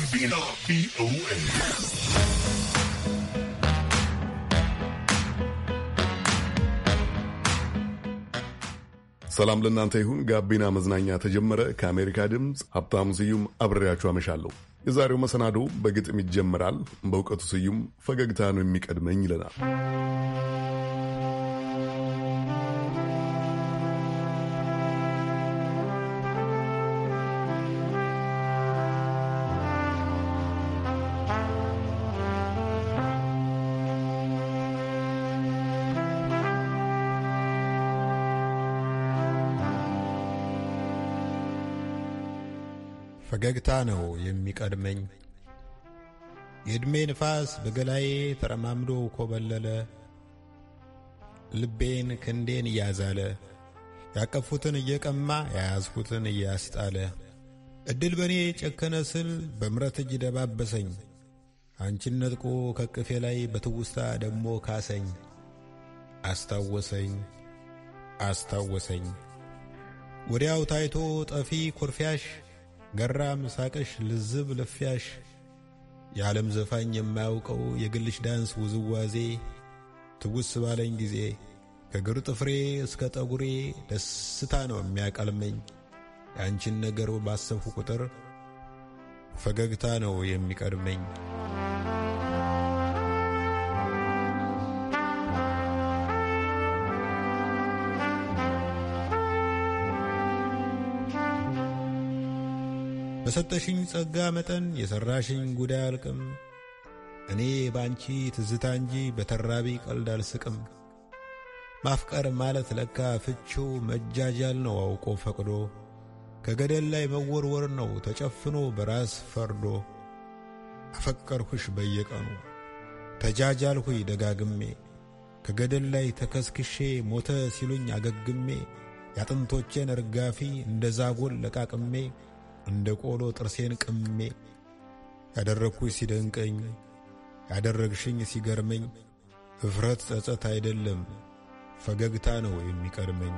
ጋቢና ሰላም ለእናንተ ይሁን። ጋቢና መዝናኛ ተጀመረ። ከአሜሪካ ድምፅ ሀብታሙ ስዩም አብሬያችሁ አመሻለሁ። የዛሬው መሰናዶ በግጥም ይጀምራል። በእውቀቱ ስዩም ፈገግታ ነው የሚቀድመኝ ይለናል። ፈገግታ ነው የሚቀድመኝ። የዕድሜ ንፋስ በገላዬ ተረማምዶ ኮበለለ። ልቤን ክንዴን እያዛለ ያቀፉትን እየቀማ ያያዝኩትን እያስጣለ እድል በእኔ ጨከነ ስል በምረት እጅ ደባበሰኝ። አንቺን ነጥቆ ከቅፌ ላይ በትውስታ ደግሞ ካሰኝ። አስታወሰኝ አስታወሰኝ ወዲያው ታይቶ ጠፊ ኩርፊያሽ ገራ ምሳቅሽ ልዝብ ልፊያሽ የዓለም ዘፋኝ የማያውቀው የግልሽ ዳንስ ውዝዋዜ ትውስ ባለኝ ጊዜ ከግር ጥፍሬ እስከ ጠጉሬ ደስታ ነው የሚያቀልመኝ። የአንቺን ነገር ባሰብኩ ቁጥር ፈገግታ ነው የሚቀድመኝ። በሰጠሽኝ ጸጋ መጠን የሠራሽኝ ጉዳይ አልቅም። እኔ ባንቺ ትዝታ እንጂ በተራቢ ቀልድ አልስቅም። ማፍቀር ማለት ለካ ፍቺው መጃጃል ነው አውቆ ፈቅዶ፣ ከገደል ላይ መወርወር ነው ተጨፍኖ በራስ ፈርዶ። አፈቀርሁሽ በየቀኑ ተጃጃልሁኝ ደጋግሜ፣ ከገደል ላይ ተከስክሼ ሞተ ሲሉኝ አገግሜ፣ ያጥንቶቼን እርጋፊ እንደ ዛጎል ለቃቅሜ እንደ ቆሎ ጥርሴን ቅሜ ያደረግኩሽ ሲደንቀኝ ያደረግሽኝ ሲገርመኝ እፍረት ጸጸት አይደለም ፈገግታ ነው የሚቀድመኝ።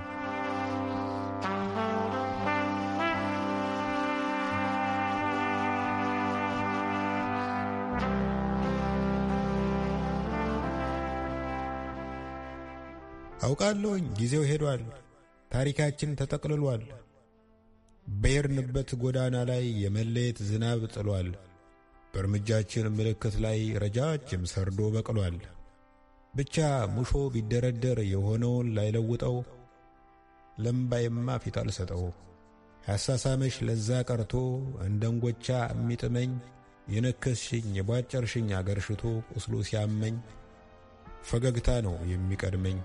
አውቃለሁኝ ጊዜው ሄዷል። ታሪካችን ተጠቅልሏል። በሄድንበት ጎዳና ላይ የመለየት ዝናብ ጥሏል። በእርምጃችን ምልክት ላይ ረጃጅም ሰርዶ በቅሏል። ብቻ ሙሾ ቢደረደር የሆነውን ላይለውጠው፣ ለምባይማ ፊት አልሰጠው። ያሳሳመሽ ለዛ ቀርቶ እንደ እንጎቻ የሚጥመኝ የነከስሽኝ የቧጨርሽኝ አገርሽቶ ቁስሉ ሲያመኝ ፈገግታ ነው የሚቀድመኝ።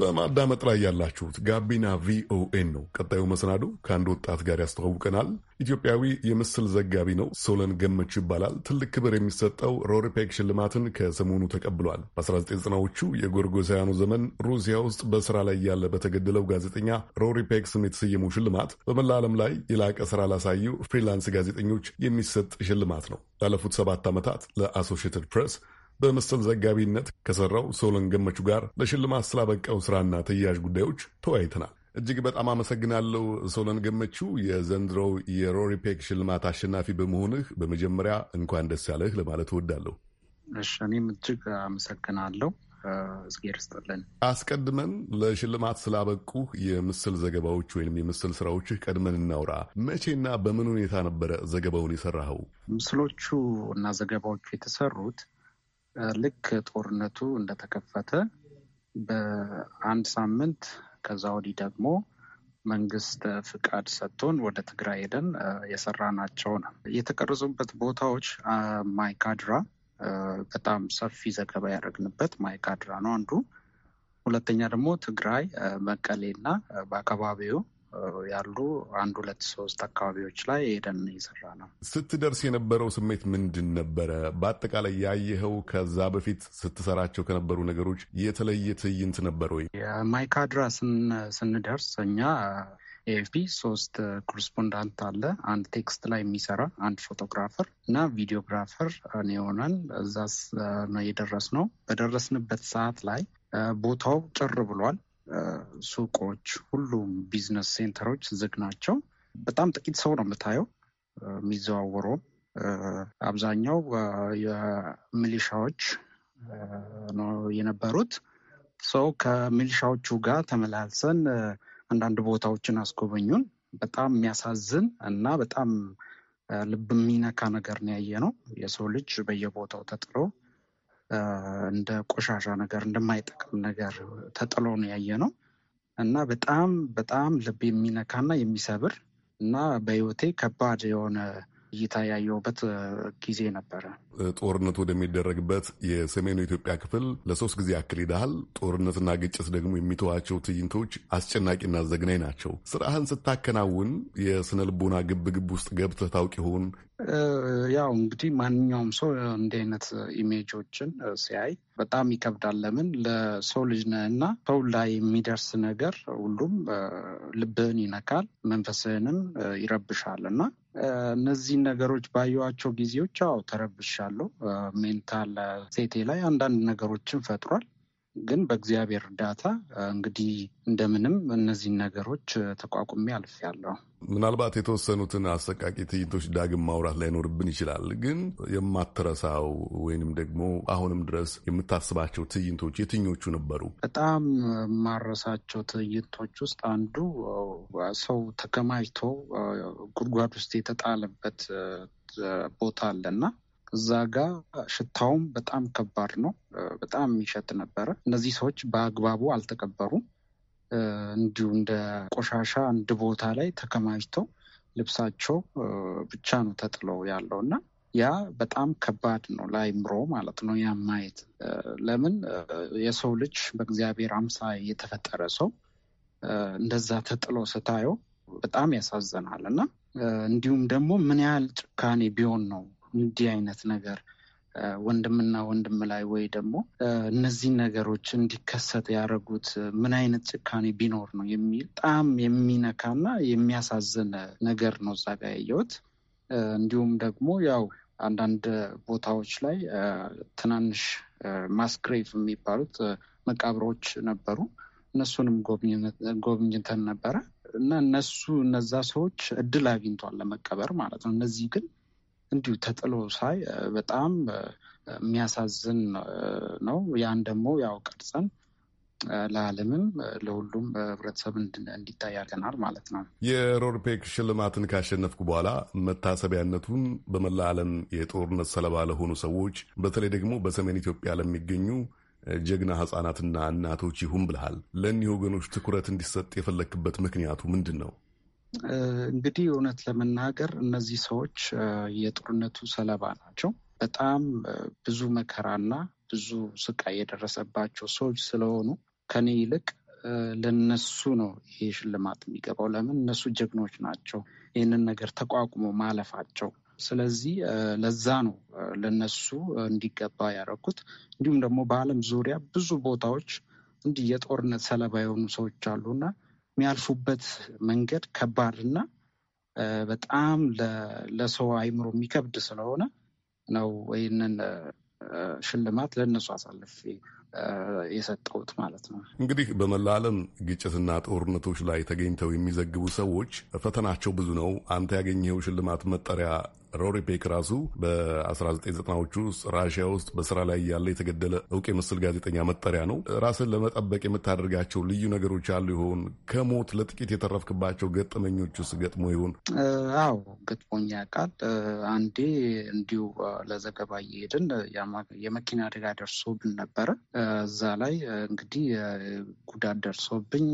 በማዳመጥ ላይ ያላችሁት ጋቢና ቪኦኤን ነው። ቀጣዩ መሰናዶ ከአንድ ወጣት ጋር ያስተዋውቀናል። ኢትዮጵያዊ የምስል ዘጋቢ ነው። ሶለን ገመች ይባላል። ትልቅ ክብር የሚሰጠው ሮሪፔክ ሽልማትን ከሰሞኑ ተቀብሏል። በ1990ዎቹ የጎርጎሳውያኑ ዘመን ሩሲያ ውስጥ በስራ ላይ ያለ በተገደለው ጋዜጠኛ ሮሪፔክ ስም የተሰየመው ሽልማት በመላ ዓለም ላይ የላቀ ስራ ላሳዩ ፍሪላንስ ጋዜጠኞች የሚሰጥ ሽልማት ነው። ላለፉት ሰባት ዓመታት ለአሶሽትድ ፕሬስ በመሰል ዘጋቢነት ከሰራው ሶሎን ገመቹ ጋር ለሽልማት ስላበቃው ስራና ተያያዥ ጉዳዮች ተወያይተናል። እጅግ በጣም አመሰግናለሁ ሶሎን ገመቹ። የዘንድሮው የሮሪፔክ ሽልማት አሸናፊ በመሆንህ በመጀመሪያ እንኳን ደስ ያለህ ለማለት እወዳለሁ። እሺ፣ እኔም እጅግ አመሰግናለሁ። እግዜር ይስጥልን። አስቀድመን ለሽልማት ስላበቁ የምስል ዘገባዎች ወይም የምስል ስራዎች ቀድመን እናውራ። መቼና በምን ሁኔታ ነበረ ዘገባውን የሰራኸው? ምስሎቹ እና ዘገባዎቹ የተሰሩት ልክ ጦርነቱ እንደተከፈተ በአንድ ሳምንት ከዛ ወዲህ ደግሞ መንግስት ፍቃድ ሰጥቶን ወደ ትግራይ ሄደን ናቸው ነው። የተቀረጹበት ቦታዎች ማይካድራ በጣም ሰፊ ዘገባ ያደረግንበት ማይካድራ ነው አንዱ። ሁለተኛ ደግሞ ትግራይ መቀሌና በአካባቢው ያሉ አንድ ሁለት ሶስት አካባቢዎች ላይ ሄደን እየሰራ ነው። ስትደርስ የነበረው ስሜት ምንድን ነበረ? በአጠቃላይ ያየኸው ከዛ በፊት ስትሰራቸው ከነበሩ ነገሮች የተለየ ትዕይንት ነበር ወይ? የማይካድራ ስንደርስ እኛ ኤኤፍፒ ሶስት ኮረስፖንዳንት አለ፣ አንድ ቴክስት ላይ የሚሰራ አንድ ፎቶግራፈር እና ቪዲዮግራፈር የሆነን እዛ ነው የደረስነው። በደረስንበት ሰዓት ላይ ቦታው ጭር ብሏል። ሱቆች፣ ሁሉም ቢዝነስ ሴንተሮች ዝግ ናቸው። በጣም ጥቂት ሰው ነው የምታየው የሚዘዋወረው። አብዛኛው የሚሊሻዎች ነው የነበሩት። ሰው ከሚሊሻዎቹ ጋር ተመላልሰን አንዳንድ ቦታዎችን አስጎበኙን። በጣም የሚያሳዝን እና በጣም ልብ የሚነካ ነገር ነው ያየ ነው። የሰው ልጅ በየቦታው ተጥሎ እንደ ቆሻሻ ነገር እንደማይጠቅም ነገር ተጥሎ ነው ያየ ነው እና በጣም በጣም ልብ የሚነካና የሚሰብር እና በህይወቴ ከባድ የሆነ እይታ ያየሁበት ጊዜ ነበረ። ጦርነቱ ወደሚደረግበት የሰሜኑ ኢትዮጵያ ክፍል ለሶስት ጊዜ ያክል ሄደሃል። ጦርነትና ግጭት ደግሞ የሚተዋቸው ትዕይንቶች አስጨናቂና ዘግናኝ ናቸው። ስራህን ስታከናውን የስነ ልቦና ግብግብ ውስጥ ገብተህ ታውቅ ይሆን? ያው እንግዲህ ማንኛውም ሰው እንዲህ አይነት ኢሜጆችን ሲያይ በጣም ይከብዳል። ለምን ለሰው ልጅ ነህ እና ሰው ላይ የሚደርስ ነገር ሁሉም ልብህን ይነካል፣ መንፈስህንም ይረብሻል እና እነዚህን ነገሮች ባየዋቸው ጊዜዎች አዎ ተረብሻለሁ። ሜንታል ሴቴ ላይ አንዳንድ ነገሮችን ፈጥሯል። ግን በእግዚአብሔር እርዳታ እንግዲህ እንደምንም እነዚህን ነገሮች ተቋቁሜ አልፌያለሁ። ምናልባት የተወሰኑትን አሰቃቂ ትዕይንቶች ዳግም ማውራት ላይኖርብን ይችላል። ግን የማትረሳው ወይንም ደግሞ አሁንም ድረስ የምታስባቸው ትዕይንቶች የትኞቹ ነበሩ? በጣም የማረሳቸው ትዕይንቶች ውስጥ አንዱ ሰው ተከማችቶ ጉድጓድ ውስጥ የተጣለበት ቦታ አለና እዛ ጋ ሽታውም በጣም ከባድ ነው። በጣም የሚሸት ነበረ። እነዚህ ሰዎች በአግባቡ አልተቀበሩም። እንዲሁ እንደ ቆሻሻ አንድ ቦታ ላይ ተከማችተው ልብሳቸው ብቻ ነው ተጥሎ ያለው እና ያ በጣም ከባድ ነው ለአይምሮ ማለት ነው። ያ ማየት ለምን የሰው ልጅ በእግዚአብሔር አምሳ የተፈጠረ ሰው እንደዛ ተጥሎ ስታየው በጣም ያሳዝናል እና እንዲሁም ደግሞ ምን ያህል ጭካኔ ቢሆን ነው እንዲህ አይነት ነገር ወንድምና ወንድም ላይ ወይ ደግሞ እነዚህ ነገሮች እንዲከሰት ያደረጉት ምን አይነት ጭካኔ ቢኖር ነው የሚል በጣም የሚነካና የሚያሳዝን ነገር ነው እዛ ጋ ያየሁት። እንዲሁም ደግሞ ያው አንዳንድ ቦታዎች ላይ ትናንሽ ማስግሬቭ የሚባሉት መቃብሮች ነበሩ። እነሱንም ጎብኝተን ነበረ እና እነሱ እነዛ ሰዎች እድል አግኝቷል ለመቀበር ማለት ነው። እነዚህ ግን እንዲሁ ተጥሎ ሳይ በጣም የሚያሳዝን ነው። ያን ደግሞ ያው ቀርጸን ለዓለምም ለሁሉም ህብረተሰብ እንዲታይ ማለት ነው። የሮርፔክ ሽልማትን ካሸነፍኩ በኋላ መታሰቢያነቱን በመላ ዓለም የጦርነት ሰለባ ለሆኑ ሰዎች በተለይ ደግሞ በሰሜን ኢትዮጵያ ለሚገኙ ጀግና ህጻናትና እናቶች ይሁን ብልሃል። ለእኒህ ወገኖች ትኩረት እንዲሰጥ የፈለክበት ምክንያቱ ምንድን ነው? እንግዲህ እውነት ለመናገር እነዚህ ሰዎች የጦርነቱ ሰለባ ናቸው። በጣም ብዙ መከራና ብዙ ስቃይ የደረሰባቸው ሰዎች ስለሆኑ ከኔ ይልቅ ለነሱ ነው ይሄ ሽልማት የሚገባው። ለምን እነሱ ጀግኖች ናቸው፣ ይህንን ነገር ተቋቁሞ ማለፋቸው። ስለዚህ ለዛ ነው ለነሱ እንዲገባ ያደረኩት። እንዲሁም ደግሞ በዓለም ዙሪያ ብዙ ቦታዎች እንዲህ የጦርነት ሰለባ የሆኑ ሰዎች አሉና የሚያልፉበት መንገድ ከባድና በጣም ለሰው አይምሮ የሚከብድ ስለሆነ ነው ይህንን ሽልማት ለእነሱ አሳልፌ የሰጠሁት ማለት ነው። እንግዲህ በመላ ዓለም ግጭትና ጦርነቶች ላይ ተገኝተው የሚዘግቡ ሰዎች ፈተናቸው ብዙ ነው። አንተ ያገኘኸው ሽልማት መጠሪያ ሮሪ ፔክ ራሱ በ1990ዎቹ ውስጥ ራሽያ ውስጥ በስራ ላይ ያለ የተገደለ እውቅ የምስል ጋዜጠኛ መጠሪያ ነው። ራስን ለመጠበቅ የምታደርጋቸው ልዩ ነገሮች አሉ ይሆን? ከሞት ለጥቂት የተረፍክባቸው ገጠመኞች ውስጥ ገጥሞ ይሆን? አዎ ገጥሞኝ ያውቃል። አንዴ እንዲሁ ለዘገባ እየሄድን የመኪና አደጋ ደርሶብን ነበረ። እዛ ላይ እንግዲህ ጉዳት ደርሶብኝ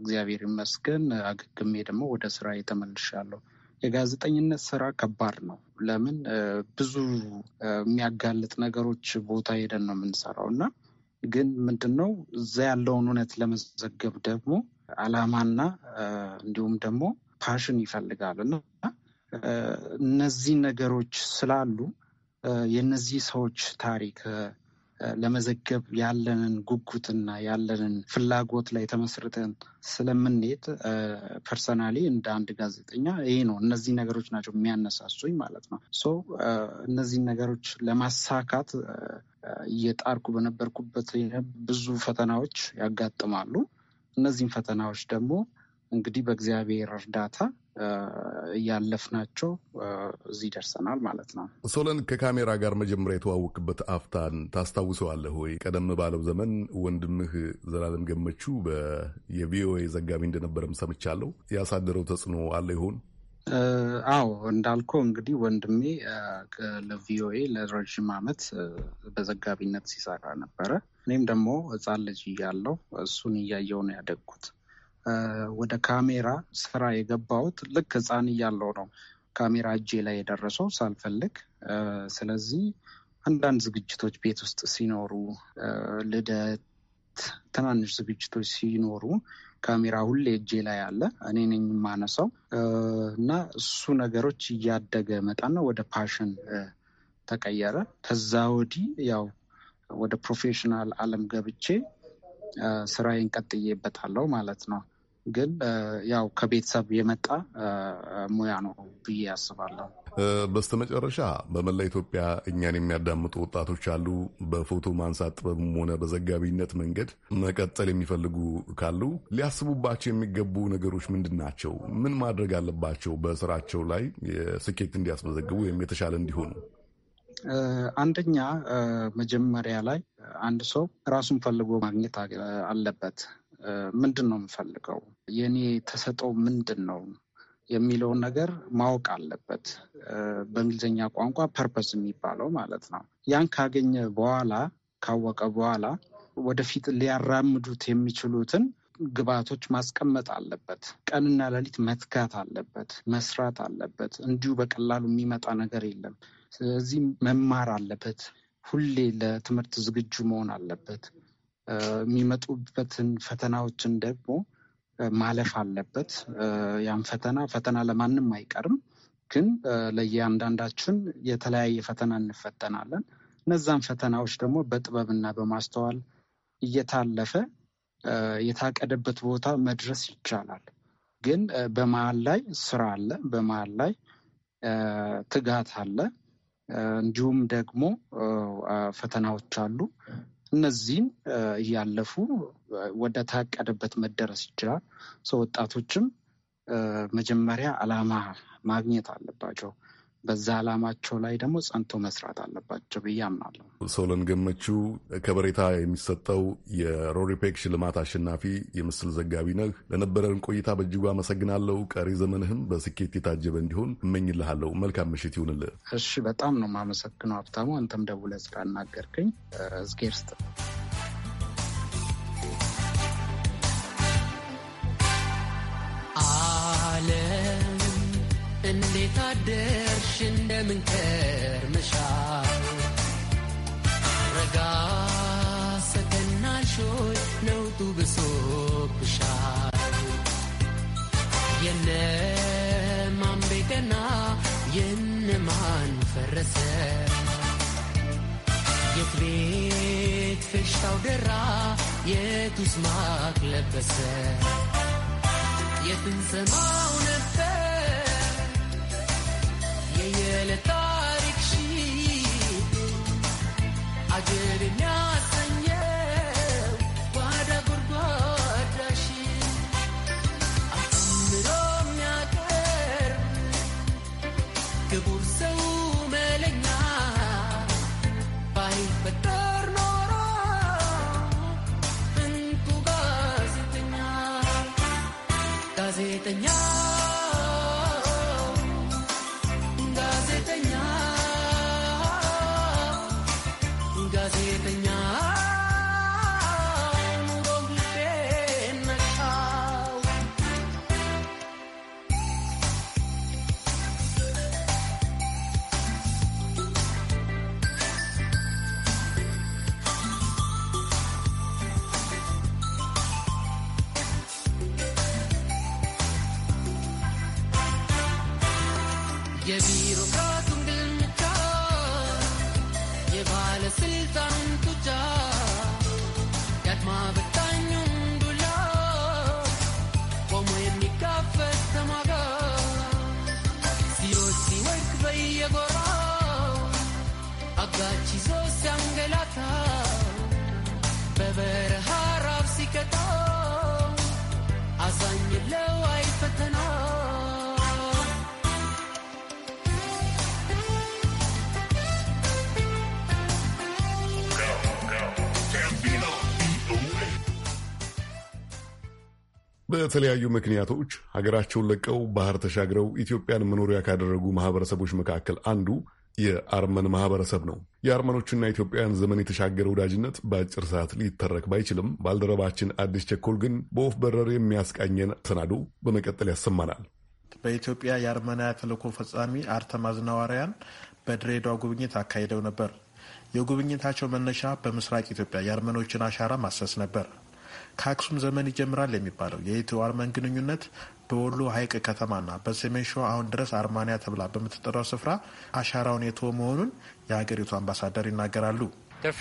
እግዚአብሔር ይመስገን አገግሜ ደግሞ ወደ ስራ የተመልሻለሁ። የጋዜጠኝነት ስራ ከባድ ነው። ለምን ብዙ የሚያጋልጥ ነገሮች ቦታ ሄደን ነው የምንሰራው እና ግን ምንድነው እዛ ያለውን እውነት ለመዘገብ ደግሞ አላማና እንዲሁም ደግሞ ፓሽን ይፈልጋል እና እነዚህ ነገሮች ስላሉ የነዚህ ሰዎች ታሪክ ለመዘገብ ያለንን ጉጉትና ያለንን ፍላጎት ላይ ተመስርተን ስለምንሄድ ፐርሰናሊ እንደ አንድ ጋዜጠኛ ይሄ ነው እነዚህ ነገሮች ናቸው የሚያነሳሱኝ ማለት ነው። ሶ እነዚህን ነገሮች ለማሳካት እየጣርኩ በነበርኩበት ብዙ ፈተናዎች ያጋጥማሉ። እነዚህን ፈተናዎች ደግሞ እንግዲህ በእግዚአብሔር እርዳታ እያለፍናቸው እዚህ ደርሰናል ማለት ነው። ሶለን ከካሜራ ጋር መጀመሪያ የተዋወቅበት አፍታን ታስታውሰዋለህ ወይ? ቀደም ባለው ዘመን ወንድምህ ዘላለም ገመቹ የቪኦኤ ዘጋቢ እንደነበረም ሰምቻለሁ። ያሳደረው ተጽዕኖ አለ ይሆን? አዎ እንዳልኩ እንግዲህ ወንድሜ ለቪኦኤ ለረዥም ዓመት በዘጋቢነት ሲሰራ ነበረ። እኔም ደግሞ ሕፃን ልጅ እያለሁ እሱን እያየሁ ነው ያደግኩት። ወደ ካሜራ ስራ የገባሁት ልክ ህፃን እያለው ነው። ካሜራ እጄ ላይ የደረሰው ሳልፈልግ። ስለዚህ አንዳንድ ዝግጅቶች ቤት ውስጥ ሲኖሩ፣ ልደት፣ ትናንሽ ዝግጅቶች ሲኖሩ ካሜራ ሁሌ እጄ ላይ አለ፣ እኔ ነኝ የማነሳው እና እሱ ነገሮች እያደገ መጣና ወደ ፓሽን ተቀየረ። ከዛ ወዲህ ያው ወደ ፕሮፌሽናል አለም ገብቼ ስራዬን ቀጥዬበታለሁ ማለት ነው። ግን ያው ከቤተሰብ የመጣ ሙያ ነው ብዬ አስባለሁ። በስተመጨረሻ በመላ ኢትዮጵያ እኛን የሚያዳምጡ ወጣቶች አሉ። በፎቶ ማንሳት ጥበብም ሆነ በዘጋቢነት መንገድ መቀጠል የሚፈልጉ ካሉ ሊያስቡባቸው የሚገቡ ነገሮች ምንድን ናቸው? ምን ማድረግ አለባቸው በስራቸው ላይ ስኬት እንዲያስመዘግቡ ወይም የተሻለ እንዲሆኑ? አንደኛ መጀመሪያ ላይ አንድ ሰው ራሱን ፈልጎ ማግኘት አለበት። ምንድን ነው የምፈልገው? የኔ ተሰጠው ምንድን ነው የሚለውን ነገር ማወቅ አለበት። በእንግሊዝኛ ቋንቋ ፐርፐስ የሚባለው ማለት ነው። ያን ካገኘ በኋላ ካወቀ በኋላ ወደፊት ሊያራምዱት የሚችሉትን ግብዓቶች ማስቀመጥ አለበት። ቀንና ሌሊት መትጋት አለበት፣ መስራት አለበት። እንዲሁ በቀላሉ የሚመጣ ነገር የለም። ስለዚህ መማር አለበት። ሁሌ ለትምህርት ዝግጁ መሆን አለበት። የሚመጡበትን ፈተናዎችን ደግሞ ማለፍ አለበት። ያን ፈተና ፈተና ለማንም አይቀርም፣ ግን ለእያንዳንዳችን የተለያየ ፈተና እንፈተናለን። እነዛን ፈተናዎች ደግሞ በጥበብና በማስተዋል እየታለፈ የታቀደበት ቦታ መድረስ ይቻላል። ግን በመሀል ላይ ስራ አለ፣ በመሀል ላይ ትጋት አለ፣ እንዲሁም ደግሞ ፈተናዎች አሉ። እነዚህም እያለፉ ወደ ታቀደበት መደረስ ይችላል። ሰው ወጣቶችም መጀመሪያ አላማ ማግኘት አለባቸው። በዛ ዓላማቸው ላይ ደግሞ ጸንቶ መስራት አለባቸው ብዬ አምናለሁ። ሶለን ገመቹ ከበሬታ የሚሰጠው የሮሪፔክ ሽልማት አሸናፊ የምስል ዘጋቢ ነህ። ለነበረን ቆይታ በእጅጉ አመሰግናለሁ። ቀሪ ዘመንህም በስኬት የታጀበ እንዲሆን እመኝልሃለሁ። መልካም ምሽት ይሁንልህ። እሺ፣ በጣም ነው የማመሰግነው ሀብታሙ፣ አንተም ደውለህ ስላናገርከኝ እዝጌር አለም እንዴት አደ Yetusmak lepese, yetin sema خيل طارق شي عجبني عسنيو وهذا قربات رشي أخمرهم يا كرم كبور سو ملكنا باهي بتار نورا انتو غازتنا غازتنا Yeah, beautiful. በተለያዩ ምክንያቶች ሀገራቸውን ለቀው ባህር ተሻግረው ኢትዮጵያን መኖሪያ ካደረጉ ማህበረሰቦች መካከል አንዱ የአርመን ማህበረሰብ ነው። የአርመኖችና ኢትዮጵያውያን ዘመን የተሻገረ ወዳጅነት በአጭር ሰዓት ሊተረክ ባይችልም ባልደረባችን አዲስ ቸኮል ግን በወፍ በረር የሚያስቃኘን ሰናዶ በመቀጠል ያሰማናል። በኢትዮጵያ የአርመና ተልዕኮ ፈጻሚ አርተማዝ በድሬዳ በድሬዳዋ ጉብኝት አካሂደው ነበር። የጉብኝታቸው መነሻ በምስራቅ ኢትዮጵያ የአርመኖችን አሻራ ማሰስ ነበር። ከአክሱም ዘመን ይጀምራል የሚባለው የኢትዮ አርመን ግንኙነት በወሎ ሀይቅ ከተማና በሰሜን ሸዋ አሁን ድረስ አርማንያ ተብላ በምትጠራው ስፍራ አሻራውን የተወ መሆኑን የሀገሪቱ አምባሳደር ይናገራሉ። uh,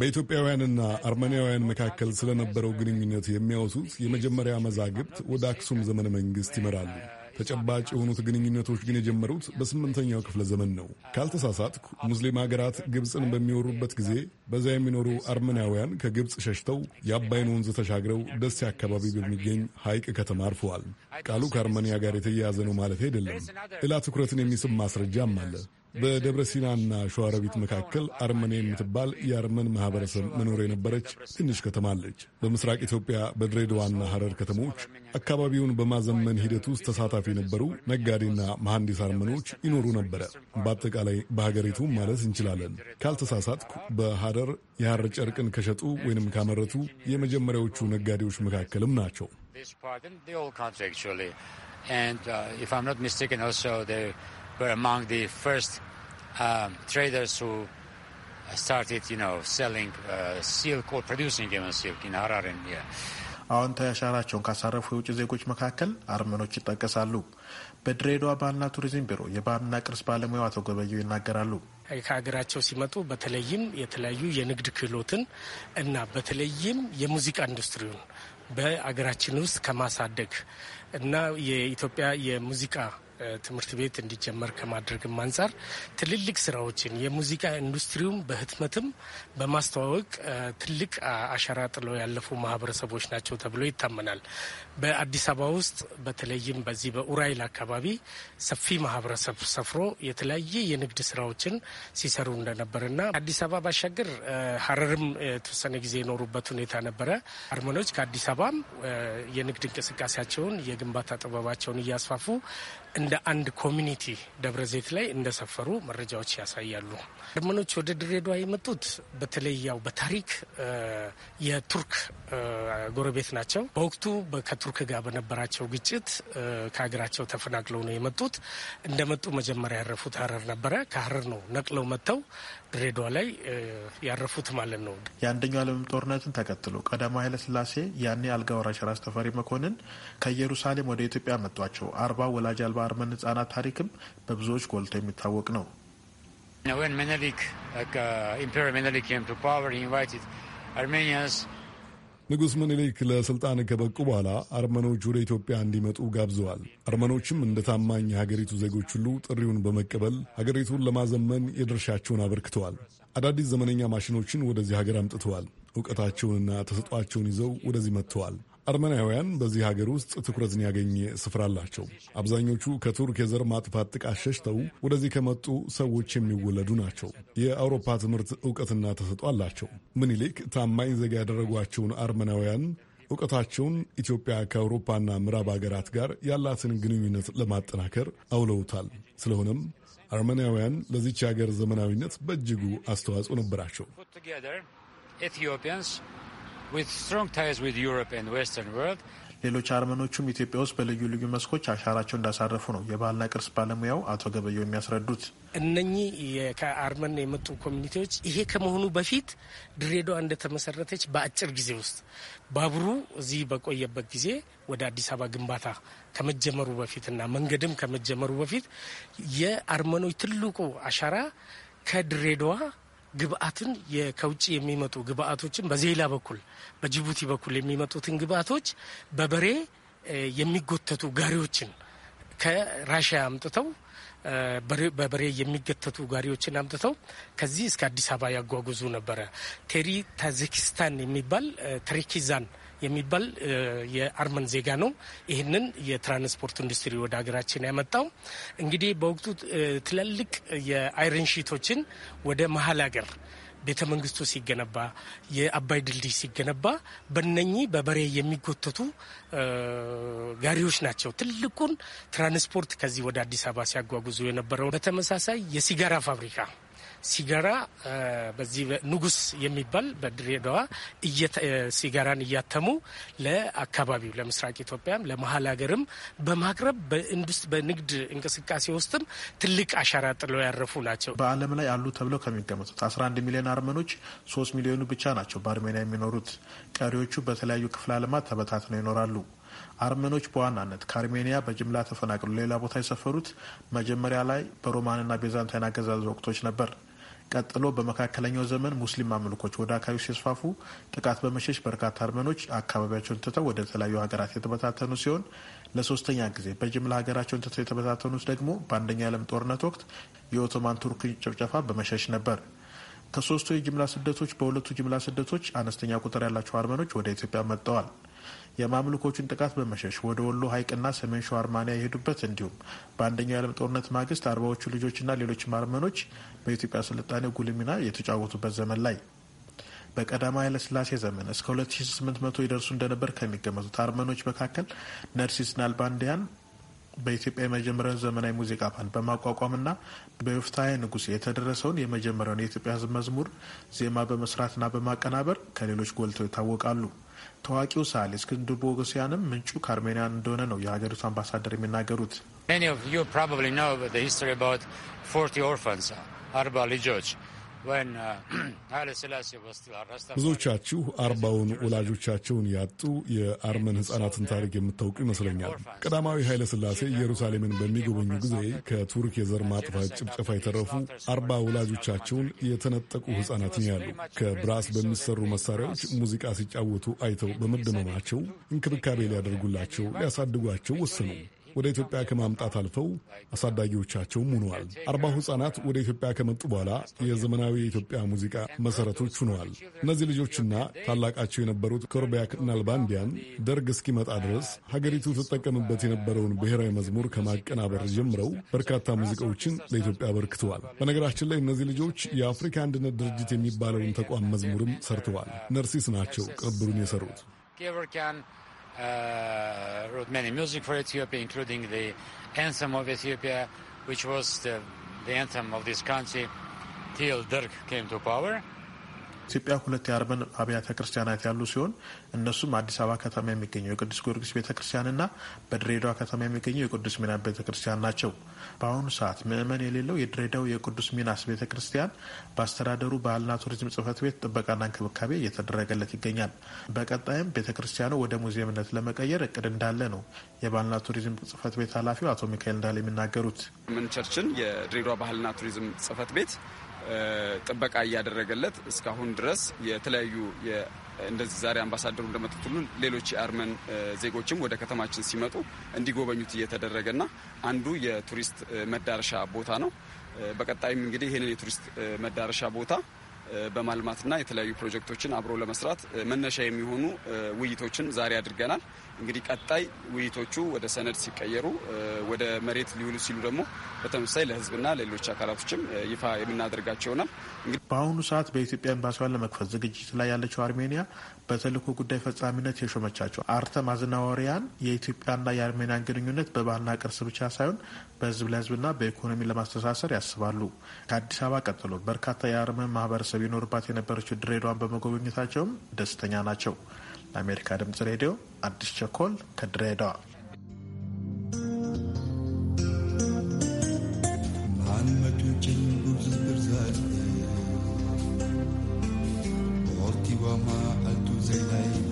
በኢትዮጵያውያንና አርመኒያውያን መካከል ስለነበረው ግንኙነት የሚያወሱት የመጀመሪያ መዛግብት ወደ አክሱም ዘመነ መንግስት ይመራሉ። ተጨባጭ የሆኑት ግንኙነቶች ግን የጀመሩት በስምንተኛው ክፍለ ዘመን ነው። ካልተሳሳትኩ ሙስሊም ሀገራት ግብፅን በሚወሩበት ጊዜ በዚያ የሚኖሩ አርመናውያን ከግብፅ ሸሽተው የአባይን ወንዝ ተሻግረው ደሴ አካባቢ በሚገኝ ሐይቅ ከተማ አርፈዋል። ቃሉ ከአርመኒያ ጋር የተያያዘ ነው ማለት አይደለም። ሌላ ትኩረትን የሚስብ ማስረጃም አለ። በደብረ ሲናና ሸዋረቢት መካከል አርመኔ የምትባል የአርመን ማህበረሰብ መኖር የነበረች ትንሽ ከተማ አለች። በምስራቅ ኢትዮጵያ በድሬዳዋና ሐረር ከተሞች አካባቢውን በማዘመን ሂደት ውስጥ ተሳታፊ የነበሩ ነጋዴና መሐንዲስ አርመኖች ይኖሩ ነበረ። በአጠቃላይ በሀገሪቱ ማለት እንችላለን ካልተሳሳትኩ በሐረር የሐር ጨርቅን ከሸጡ ወይንም ካመረቱ የመጀመሪያዎቹ ነጋዴዎች መካከልም ናቸው። were among the first um, traders who uh, started, you know, selling uh, silk or producing even silk in Harare. yeah. አዎንታዊ አሻራቸውን ካሳረፉ የውጭ ዜጎች መካከል አርመኖች ይጠቀሳሉ። በድሬዳዋ ባህልና ቱሪዝም ቢሮ የባህልና ቅርስ ባለሙያው አቶ ገበየው ይናገራሉ። ከሀገራቸው ሲመጡ በተለይም የተለያዩ የንግድ ክህሎትን እና በተለይም የሙዚቃ ኢንዱስትሪውን በአገራችን ውስጥ ከማሳደግ እና የኢትዮጵያ የሙዚቃ ትምህርት ቤት እንዲጀመር ከማድረግም አንጻር ትልልቅ ስራዎችን የሙዚቃ ኢንዱስትሪውም በህትመትም በማስተዋወቅ ትልቅ አሻራ ጥለው ያለፉ ማህበረሰቦች ናቸው ተብሎ ይታመናል። በአዲስ አበባ ውስጥ በተለይም በዚህ በኡራይል አካባቢ ሰፊ ማህበረሰብ ሰፍሮ የተለያየ የንግድ ስራዎችን ሲሰሩ እንደነበርና አዲስ አበባ ባሻገር ሀረርም የተወሰነ ጊዜ የኖሩበት ሁኔታ ነበረ። አርመኖች ከአዲስ አበባም የንግድ እንቅስቃሴያቸውን የግንባታ ጥበባቸውን እያስፋፉ እንደ አንድ ኮሚኒቲ ደብረዘይት ላይ እንደሰፈሩ መረጃዎች ያሳያሉ። ጀርመኖች ወደ ድሬዳዋ የመጡት በተለይ ያው በታሪክ የቱርክ ጎረቤት ናቸው። በወቅቱ ከቱርክ ጋር በነበራቸው ግጭት ከሀገራቸው ተፈናቅለው ነው የመጡት። እንደመጡ መጀመሪያ ያረፉት ሀረር ነበረ። ከሀረር ነው ነቅለው መጥተው ድሬዳዋ ላይ ያረፉት ማለት ነው። የአንደኛው ዓለም ጦርነትን ተከትሎ ቀዳማዊ ኃይለሥላሴ ያኔ አልጋ ወራሽ ራስ ተፈሪ መኮንን ከኢየሩሳሌም ወደ ኢትዮጵያ መጧቸው አርባ ወላጅ አልባ አርመን ህጻናት ታሪክም በብዙዎች ጎልቶ የሚታወቅ ነው። When Menelik, like, uh, Imperial ንጉሥ ምኒልክ ለሥልጣን ከበቁ በኋላ አርመኖች ወደ ኢትዮጵያ እንዲመጡ ጋብዘዋል። አርመኖችም እንደ ታማኝ የሀገሪቱ ዜጎች ሁሉ ጥሪውን በመቀበል ሀገሪቱን ለማዘመን የድርሻቸውን አበርክተዋል። አዳዲስ ዘመነኛ ማሽኖችን ወደዚህ ሀገር አምጥተዋል። እውቀታቸውንና ተሰጧቸውን ይዘው ወደዚህ መጥተዋል። አርመናውያን በዚህ ሀገር ውስጥ ትኩረትን ያገኘ ስፍራ አላቸው። አብዛኞቹ ከቱርክ የዘር ማጥፋት ጥቃት ሸሽተው ወደዚህ ከመጡ ሰዎች የሚወለዱ ናቸው። የአውሮፓ ትምህርት እውቀትና ተሰጥኦ አላቸው። ምኒልክ ታማኝ ዜጋ ያደረጓቸውን አርመናውያን እውቀታቸውን ኢትዮጵያ ከአውሮፓና ምዕራብ ሀገራት ጋር ያላትን ግንኙነት ለማጠናከር አውለውታል። ስለሆነም አርመናውያን ለዚች ሀገር ዘመናዊነት በእጅጉ አስተዋጽኦ ነበራቸው። ሌሎች አርመኖቹም ኢትዮጵያ ውስጥ በልዩ ልዩ መስኮች አሻራቸው እንዳሳረፉ ነው የባህልና ቅርስ ባለሙያው አቶ ገበየው የሚያስረዱት። እነኚህ ከአርመን የመጡ ኮሚኒቲዎች ይሄ ከመሆኑ በፊት ድሬዳዋ እንደተመሰረተች በአጭር ጊዜ ውስጥ ባቡሩ እዚህ በቆየበት ጊዜ ወደ አዲስ አበባ ግንባታ ከመጀመሩ በፊትና መንገድም ከመጀመሩ በፊት የአርመኖች ትልቁ አሻራ ከድሬዳዋ ግብአትን ከውጭ የሚመጡ ግብአቶችን በዜላ በኩል በጅቡቲ በኩል የሚመጡትን ግብአቶች በበሬ የሚጎተቱ ጋሪዎችን ከራሽያ አምጥተው በበሬ የሚገተቱ ጋሪዎችን አምጥተው ከዚህ እስከ አዲስ አበባ ያጓጉዙ ነበረ። ቴሪ ታዚኪስታን የሚባል ትሪኪዛን የሚባል የአርመን ዜጋ ነው። ይህንን የትራንስፖርት ኢንዱስትሪ ወደ ሀገራችን ያመጣው እንግዲህ በወቅቱ ትላልቅ የአይረን ሺቶችን ወደ መሀል ሀገር ቤተ መንግስቱ ሲገነባ የአባይ ድልድይ ሲገነባ በነኚህ በበሬ የሚጎተቱ ጋሪዎች ናቸው ትልቁን ትራንስፖርት ከዚህ ወደ አዲስ አበባ ሲያጓጉዙ የነበረው። በተመሳሳይ የሲጋራ ፋብሪካ ሲጋራ በዚህ ንጉስ የሚባል በድሬዳዋ ሲጋራን እያተሙ ለአካባቢው ለምስራቅ ኢትዮጵያም ለመሀል ሀገርም በማቅረብ በንግድ እንቅስቃሴ ውስጥም ትልቅ አሻራ ጥለው ያረፉ ናቸው። በዓለም ላይ አሉ ተብለው ከሚገመቱት 11 ሚሊዮን አርመኖች 3 ሚሊዮኑ ብቻ ናቸው በአርሜኒያ የሚኖሩት። ቀሪዎቹ በተለያዩ ክፍለ ዓለማት ተበታትነው ይኖራሉ። አርመኖች በዋናነት ከአርሜኒያ በጅምላ ተፈናቅሎ ሌላ ቦታ የሰፈሩት መጀመሪያ ላይ በሮማንና ቤዛንታይን አገዛዝ ወቅቶች ነበር። ቀጥሎ በመካከለኛው ዘመን ሙስሊም አምልኮች ወደ አካባቢ ሲስፋፉ ጥቃት በመሸሽ በርካታ አርመኖች አካባቢያቸውን ትተው ወደ ተለያዩ ሀገራት የተበታተኑ ሲሆን ለሶስተኛ ጊዜ በጅምላ ሀገራቸውን ትተው የተበታተኑት ደግሞ በአንደኛው የዓለም ጦርነት ወቅት የኦቶማን ቱርክ ጭፍጨፋ በመሸሽ ነበር። ከሶስቱ የጅምላ ስደቶች በሁለቱ ጅምላ ስደቶች አነስተኛ ቁጥር ያላቸው አርመኖች ወደ ኢትዮጵያ መጥተዋል። የማምልኮቹን ጥቃት በመሸሽ ወደ ወሎ ሀይቅና ሰሜን ሸዋ አርማንያ የሄዱበት እንዲሁም በአንደኛው የዓለም ጦርነት ማግስት አርባዎቹ ልጆችና ሌሎችም አርመኖች በኢትዮጵያ ስልጣኔ ጉልህ ሚና የተጫወቱበት ዘመን ላይ በቀዳማዊ ኃይለ ሥላሴ ዘመን እስከ 2800 ይደርሱ እንደነበር ከሚገመቱት አርመኖች መካከል ነርሲስ ናልባንዲያን በኢትዮጵያ የመጀመሪያውን ዘመናዊ ሙዚቃ ባንድ በማቋቋምና በዮፍታሔ ንጉሥ የተደረሰውን የመጀመሪያውን የኢትዮጵያ ሕዝብ መዝሙር ዜማ በመስራትና በማቀናበር ከሌሎች ጎልተው ይታወቃሉ። ታዋቂው ሰዓሊ እስክንድር ቦጎሲያንም ምንጩ ከአርሜኒያን እንደሆነ ነው የሀገሪቱ አምባሳደር የሚናገሩት። ብዙዎቻችሁ አርባውን ወላጆቻቸውን ያጡ የአርመን ሕፃናትን ታሪክ የምታውቁ ይመስለኛል። ቀዳማዊ ኃይለ ሥላሴ ኢየሩሳሌምን በሚጎበኙ ጊዜ ከቱርክ የዘር ማጥፋት ጭፍጨፋ የተረፉ አርባ ወላጆቻቸውን የተነጠቁ ሕፃናትን ያሉ ከብራስ በሚሰሩ መሳሪያዎች ሙዚቃ ሲጫወቱ አይተው በመደመማቸው እንክብካቤ ሊያደርጉላቸው፣ ሊያሳድጓቸው ወሰኑ። ወደ ኢትዮጵያ ከማምጣት አልፈው አሳዳጊዎቻቸውም ሆነዋል። አርባ ሕፃናት ወደ ኢትዮጵያ ከመጡ በኋላ የዘመናዊ የኢትዮጵያ ሙዚቃ መሰረቶች ሆነዋል። እነዚህ ልጆችና ታላቃቸው የነበሩት ኮርቢያክ ናልባንዲያን ደርግ እስኪመጣ ድረስ ሀገሪቱ ትጠቀምበት የነበረውን ብሔራዊ መዝሙር ከማቀናበር ጀምረው በርካታ ሙዚቃዎችን ለኢትዮጵያ አበርክተዋል። በነገራችን ላይ እነዚህ ልጆች የአፍሪካ አንድነት ድርጅት የሚባለውን ተቋም መዝሙርም ሰርተዋል። ነርሲስ ናቸው ቅንብሩን የሰሩት። wrote many music for Ethiopia, including the anthem of Ethiopia, which was the, the anthem of this country till Dirk came to power. ኢትዮጵያ ሁለት የአርመን አብያተ ክርስቲያናት ያሉ ሲሆን እነሱም አዲስ አበባ ከተማ የሚገኘው የቅዱስ ጊዮርጊስ ቤተክርስቲያንና በድሬዳዋ ከተማ የሚገኘው የቅዱስ ሚናስ ቤተክርስቲያን ናቸው። በአሁኑ ሰዓት ምዕመን የሌለው የድሬዳው የቅዱስ ሚናስ ቤተክርስቲያን በአስተዳደሩ ባህልና ቱሪዝም ጽህፈት ቤት ጥበቃና እንክብካቤ እየተደረገለት ይገኛል። በቀጣይም ቤተክርስቲያኑ ወደ ሙዚየምነት ለመቀየር እቅድ እንዳለ ነው የባህልና ቱሪዝም ጽህፈት ቤት ኃላፊው አቶ ሚካኤል እንዳለ የሚናገሩት ምን ቸርችን የድሬዳዋ ባህልና ቱሪዝም ጽሕፈት ቤት ጥበቃ እያደረገለት እስካሁን ድረስ የተለያዩ እንደዚህ ዛሬ አምባሳደሩ እንደመጡት ሁሉ ሌሎች የአርመን ዜጎችም ወደ ከተማችን ሲመጡ እንዲጎበኙት እየተደረገና አንዱ የቱሪስት መዳረሻ ቦታ ነው። በቀጣይም እንግዲህ ይህንን የቱሪስት መዳረሻ ቦታ በማልማትና የተለያዩ ፕሮጀክቶችን አብሮ ለመስራት መነሻ የሚሆኑ ውይይቶችን ዛሬ አድርገናል። እንግዲህ ቀጣይ ውይይቶቹ ወደ ሰነድ ሲቀየሩ ወደ መሬት ሊውሉ ሲሉ ደግሞ በተመሳሳይ ለሕዝብና ለሌሎች አካላቶችም ይፋ የምናደርጋቸው ይሆናል። በአሁኑ ሰዓት በኢትዮጵያ ኤምባሲዋን ለመክፈት ዝግጅት ላይ ያለችው አርሜኒያ በተልእኮ ጉዳይ ፈጻሚነት የሾመቻቸው አርተም አዝናወሪያን የኢትዮጵያና የአርሜኒያን ግንኙነት በባህልና ቅርስ ብቻ ሳይሆን በሕዝብ ለሕዝብና በኢኮኖሚ ለማስተሳሰር ያስባሉ። ከአዲስ አበባ ቀጥሎ በርካታ የአርመን ማህበረሰብ ቢኖርባት ይኖርባት የነበረችው ድሬዳዋን በመጎብኘታቸውም ደስተኛ ናቸው። ለአሜሪካ ድምጽ ሬዲዮ አዲስ ቸኮል ከድሬዳዋ። Altu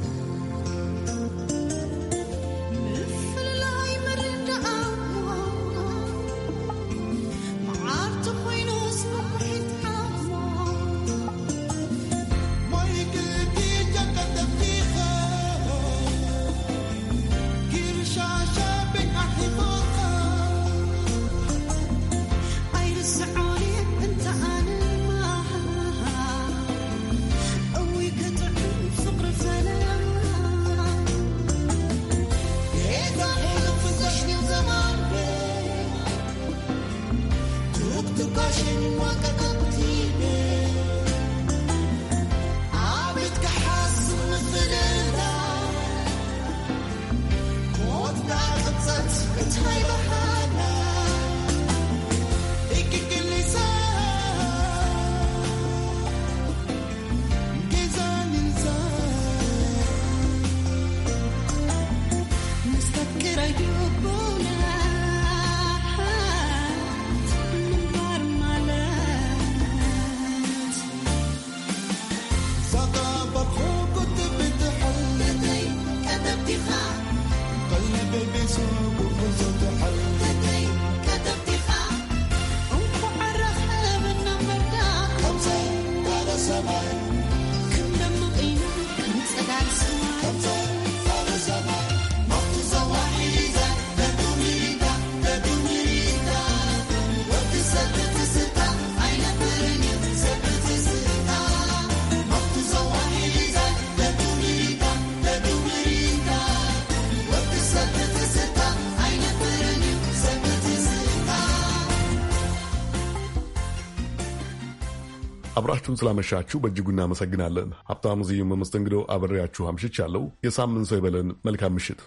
አብራችሁን ስላመሻችሁ በእጅጉ እናመሰግናለን። ሀብታሙ ዚህም በመስተንግዶ አብሬያችሁ አምሽቻለሁ። የሳምንት ሰው ይበለን። መልካም ምሽት።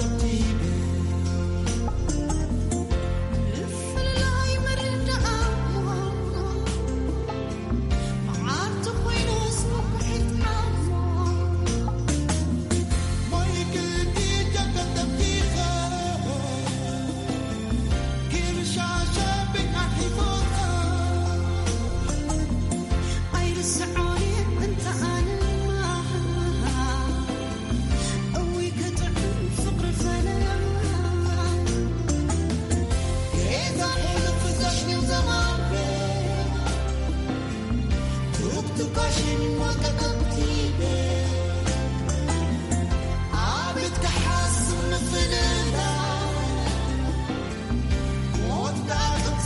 tuk